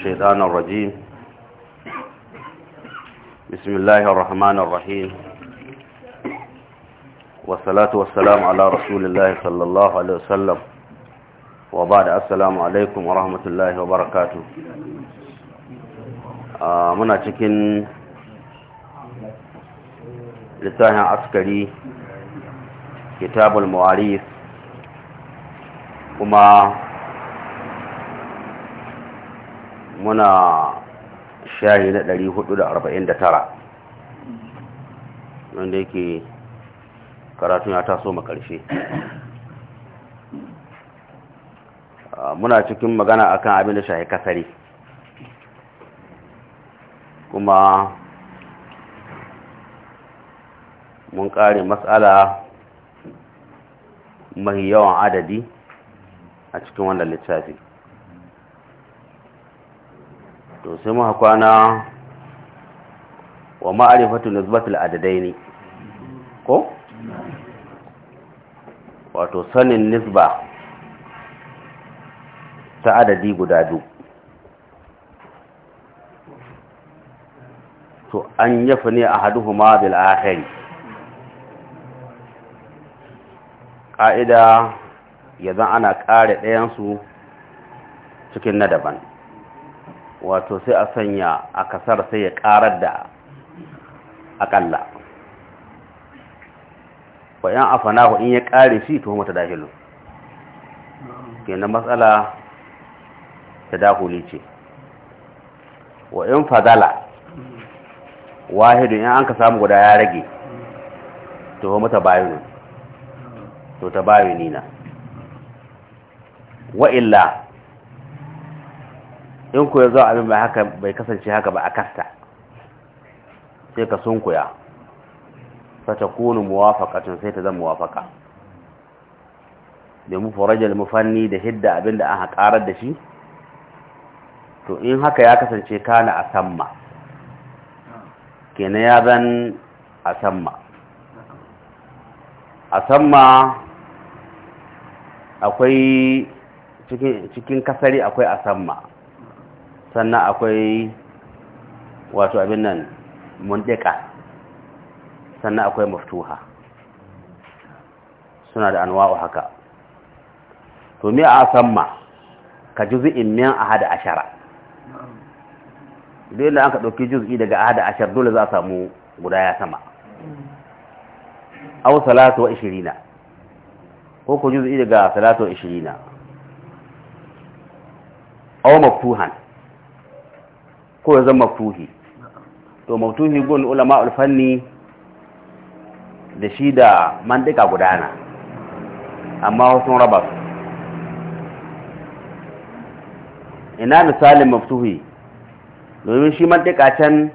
الشيطان الرجيم بسم الله الرحمن الرحيم والصلاة والسلام على رسول الله صلى الله عليه وسلم وبعد السلام عليكم ورحمة الله وبركاته muna cikin littafin askari kitabul mu'arif kuma muna shayi na ɗari da tara wanda yake karatun ya taso ma makarshe ah, muna cikin magana akan abin da shahi kasari kuma mun kare matsala mai yawan adadi a cikin wannan littafi to sai muka kwana wa ma'arifatu nisbatul adadaini ko wato sanin nisba ta adadi guda biyu to an yafi ne a haduhuma bil akhiri ƙa'ida ya zan ana ƙare su cikin na daban wato sai a sanya a kasar sai ya karar da akalla bayan afanahu in ya kare shi to mata dahilu kenan matsala ta dahuli ce wa in fadala wahidu in an ka samu guda ya rage to mata bayinu to ta bayinina wa illa in ku ya zo abin ba haka bai kasance haka ba a kasta sai ka sunkuya fata kunu muwafaqatun sai ta zama muwafaqa da mufarajal mufanni da hidda abin da aka karar da shi to in haka ya kasance kana a samma kenan ya zan a samma a samma akwai cikin kasari akwai a samma sannan akwai wato abin nan mundika sannan akwai maftuha suna da anwa'u haka to me a ma ka juz'in min ahad ashara dole an ka dauki juz'i daga ahad ashar dole za a samu guda ya sama aw salatu wa ishirina ko ku juz'i daga salatu wa ishirina aw maftuhan ko ya zama maftuhi to maftuhi gun ulama ulfanni da shi da mandika gudana amma sun raba su ina misalin maftuhi domin shi mandika can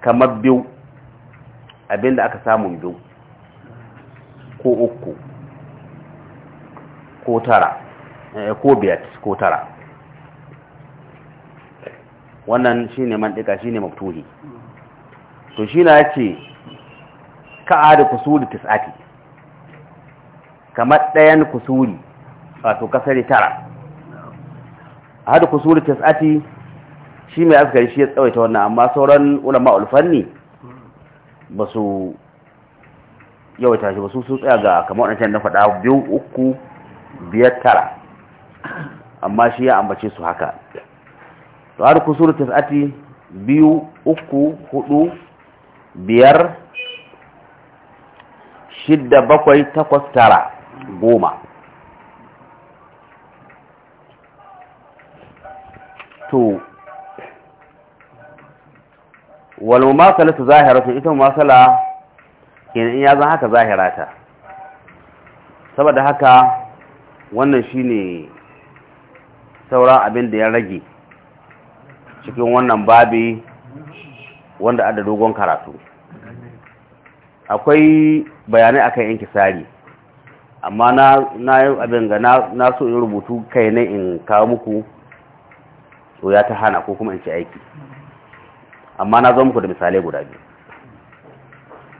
kamar biyu abinda aka samu biyu ko uku ko tara eh, ko biyat ko tara wannan shine mantika shine maftuhi to shi na yace da kusuri tis'ati kamar ɗayan kusuri wato kasari tara A hada kusuri tis'ati shi mai askari shi ya tsawaita wannan amma sauran ulama ulfanni ba su yawaita shi ba su su tsaya ga kamar wadancan na faɗa biyu uku biyar tara amma shi ya ambace su haka to har kusuru tas'ati biyu uku hudu biyar shidda bakwai takwas tara goma to wal masala ta zahira ita masala kenan in ya zan haka zahira ta saboda haka wannan shine sauran abin da ya rage cikin wannan babi wanda ada dogon karatu akwai bayanai akan inkisari amma na na abin ga na so in rubutu kai ne in kawo muku to ya ta hana ko kuma in ci aiki amma na zo muku da misalai guda biyu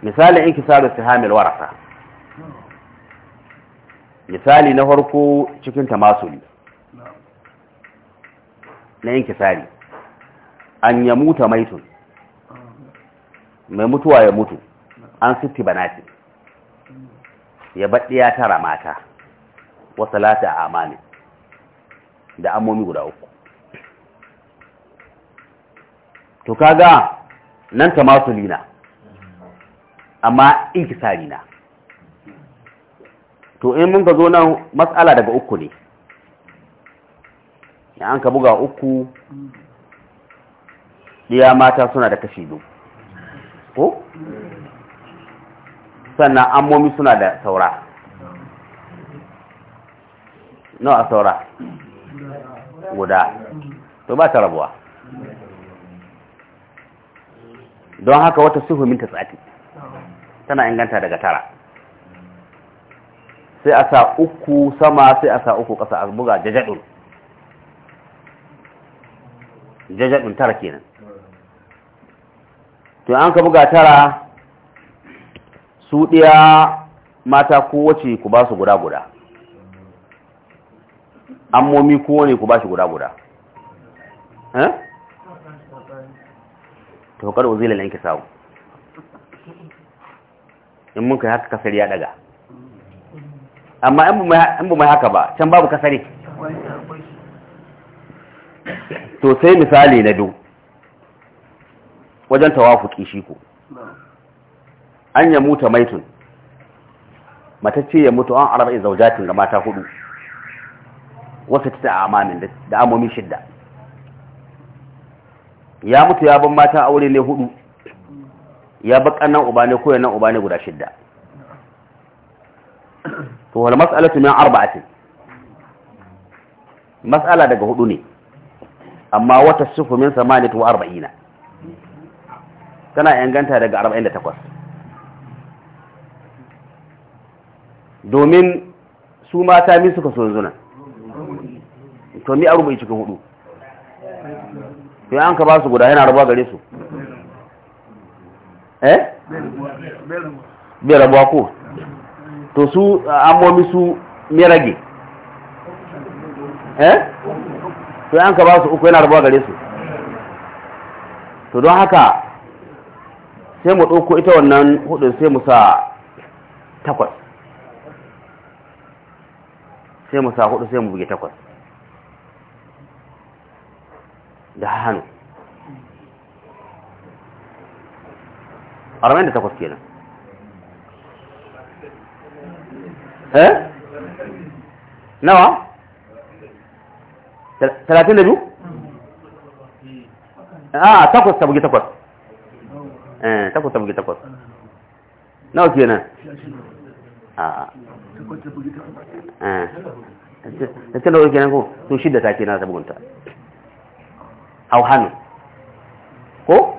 misalin su Hamil warasa misali na farko cikin tamasuli na inkisari an ya muta maitun mai mutuwa ya mutu an sitti banati ya baɗi ya tara mata wasu lati a amani da amomi guda uku to kaga nan ta masu lina amma ikisari na to in mun ka zo nan matsala daga uku ne ya an ka buga uku ɗiya mata suna da kashi biyu ko sannan ammomi suna da saura nawa a saura guda to ba ta rabuwa don haka wata suhumin ta tsati tana inganta daga tara sai a sa uku sama sai a sa uku kasa a buga jajadun jajadun tara kenan to an ka buga tara su ɗiya mata kowace ku ba su guda-guda ammomi kowane ku ba shi guda-guda eh? to kada uzila lanki sawu, in mun kai haka kasar ya daga amma in bu mai haka ba can babu kasari to sai misali na duk wajen tawafuki shi ko an ya muta maitun matacce ya mutu an arba'in zaujatin ga mata hudu wasu ta amanin da amomi shidda ya mutu ya ban mata aure ne hudu ya bakan nan uba ne koyan nan uba ne guda shidda to wal mas'alatu min ce, mas'ala daga hudu ne amma wata sifu min samaniyatu arba'ina tana inganta daga 48 domin su mata min suka so zuna to ni arubai cikin hudu to an ka ba su guda yana rabuwa gare su eh bai rabuwa ko to su amomi su mai rage eh to an ka ba su uku yana rabuwa gare su to don haka sai mu ɗauko ita wannan hudun sai mu sa takwas sai mu sa hudu sai mu buge takwas da hannu arba'in da takwas kenan eh nawa talatin da biyu a ah, takwas ta buge takwas takwas tabugi takwas nawa kenan a ta ce da wani kenan ko to shidda ta kenan ta bugunta hauhanu ko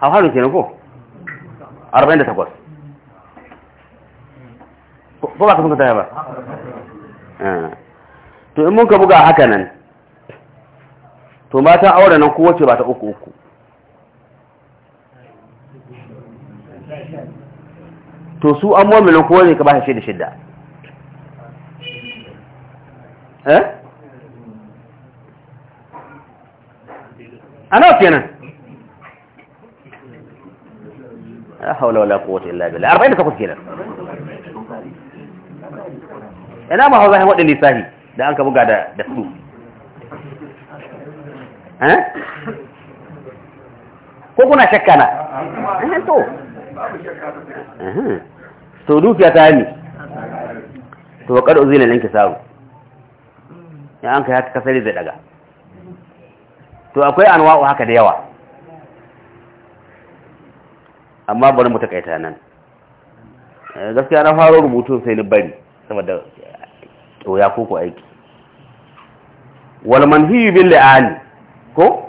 hauhanu kenan ko 48 ko ba ka bugunta ya ba to in mun ka buga haka nan to matan aure nan kowace ba ta uku uku to su an mu'minin kowa ne ka ba shi da shidda eh ana kenan la haula wala quwwata illa billah 48 kenan ina ma hauza wadin lissafi da an ka buga da da su eh ko kuna shakka na eh, to to dukiya ta yi to wa kada uzina lanki sabu ya an kai haka kasari zai daga to akwai anwa'u haka da yawa amma bari mu takaita nan eh, gaskiya na faro rubutu sai ni bari saboda ya koko aiki wal manhiyu bil li'ani ko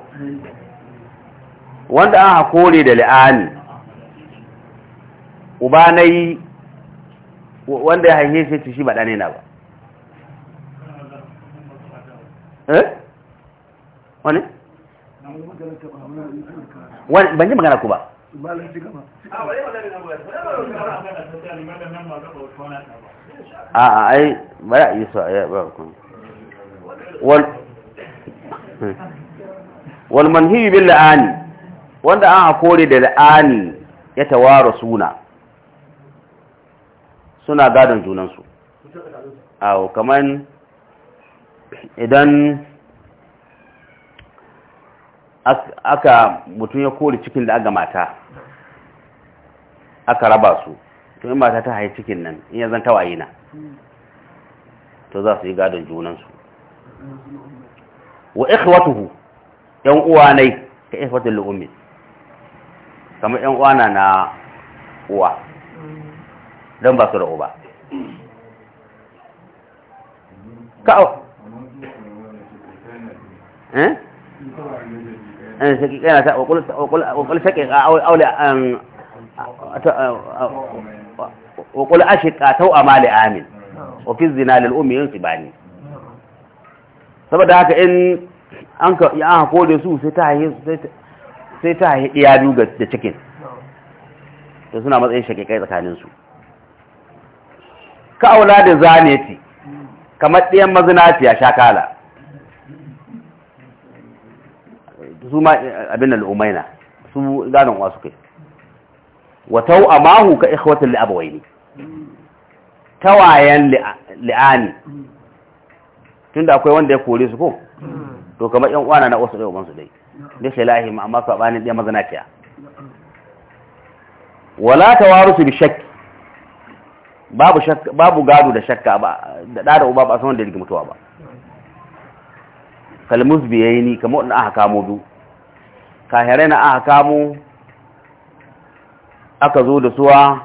wanda aka kore da li'ani uba na yi wanda ya haife shi shi ba ɗane na ba eh? wani? ban ji magana ku ba a a ai bari a yi so a yi ba walmanhiyu bin la'ani wanda an hakori da la'ani ya tawara suna suna gadon junansu awo kamar idan aka mutum ya kori cikin da aga mata aka raba su to mata ta haye cikin nan in yanzu ta waye na to za su yi gadon junansu wa ikhwatuhu yan uwa nai ka ikhwatul lu'umin kamar yan uwa na na uwa don ba su da uba ka'o eh an eh, saki kana ta wakul wakul saki aule an wakul um, uh, uh, ashiqa tau mali amin wa fi zina lil ummi yansibani saboda haka in an ka yi an kode su sai ta haihe sai ta haihe iya duga da cikin to suna matsayin shakikai tsakaninsu ka auladin ce kamar ɗiyan mazinaciya shakala su ma abin al'umaina su ganin wasu kai watau a mahu ka ikhwatin li'abawai ne tawayen li'ani Tun da akwai wanda ya kore su ko to kamar yan uwana na wasu ɗaya su dai da shi lahi amma saɓanin ɗaya mazinaciya wala ta waru su bi shakki babu shakka babu gado da shakka ba da da uba ba san da yake mutuwa ba kalmus biyaini kamo wadanda aka kamo du kahirai na aka kamo aka zo da suwa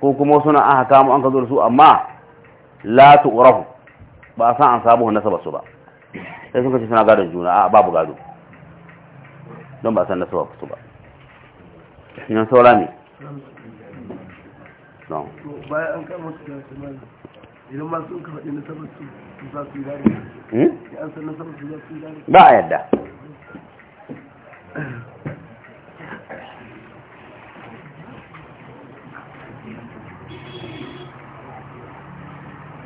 ko kuma suna aka kamo an ka zo da su amma la tu'rafu ba san an samu nasaba su ba sai sun kace suna gado juna a babu gado don ba san nasaba su ba nan saura ne islam bayan an kama da faɗi hmm? ba yadda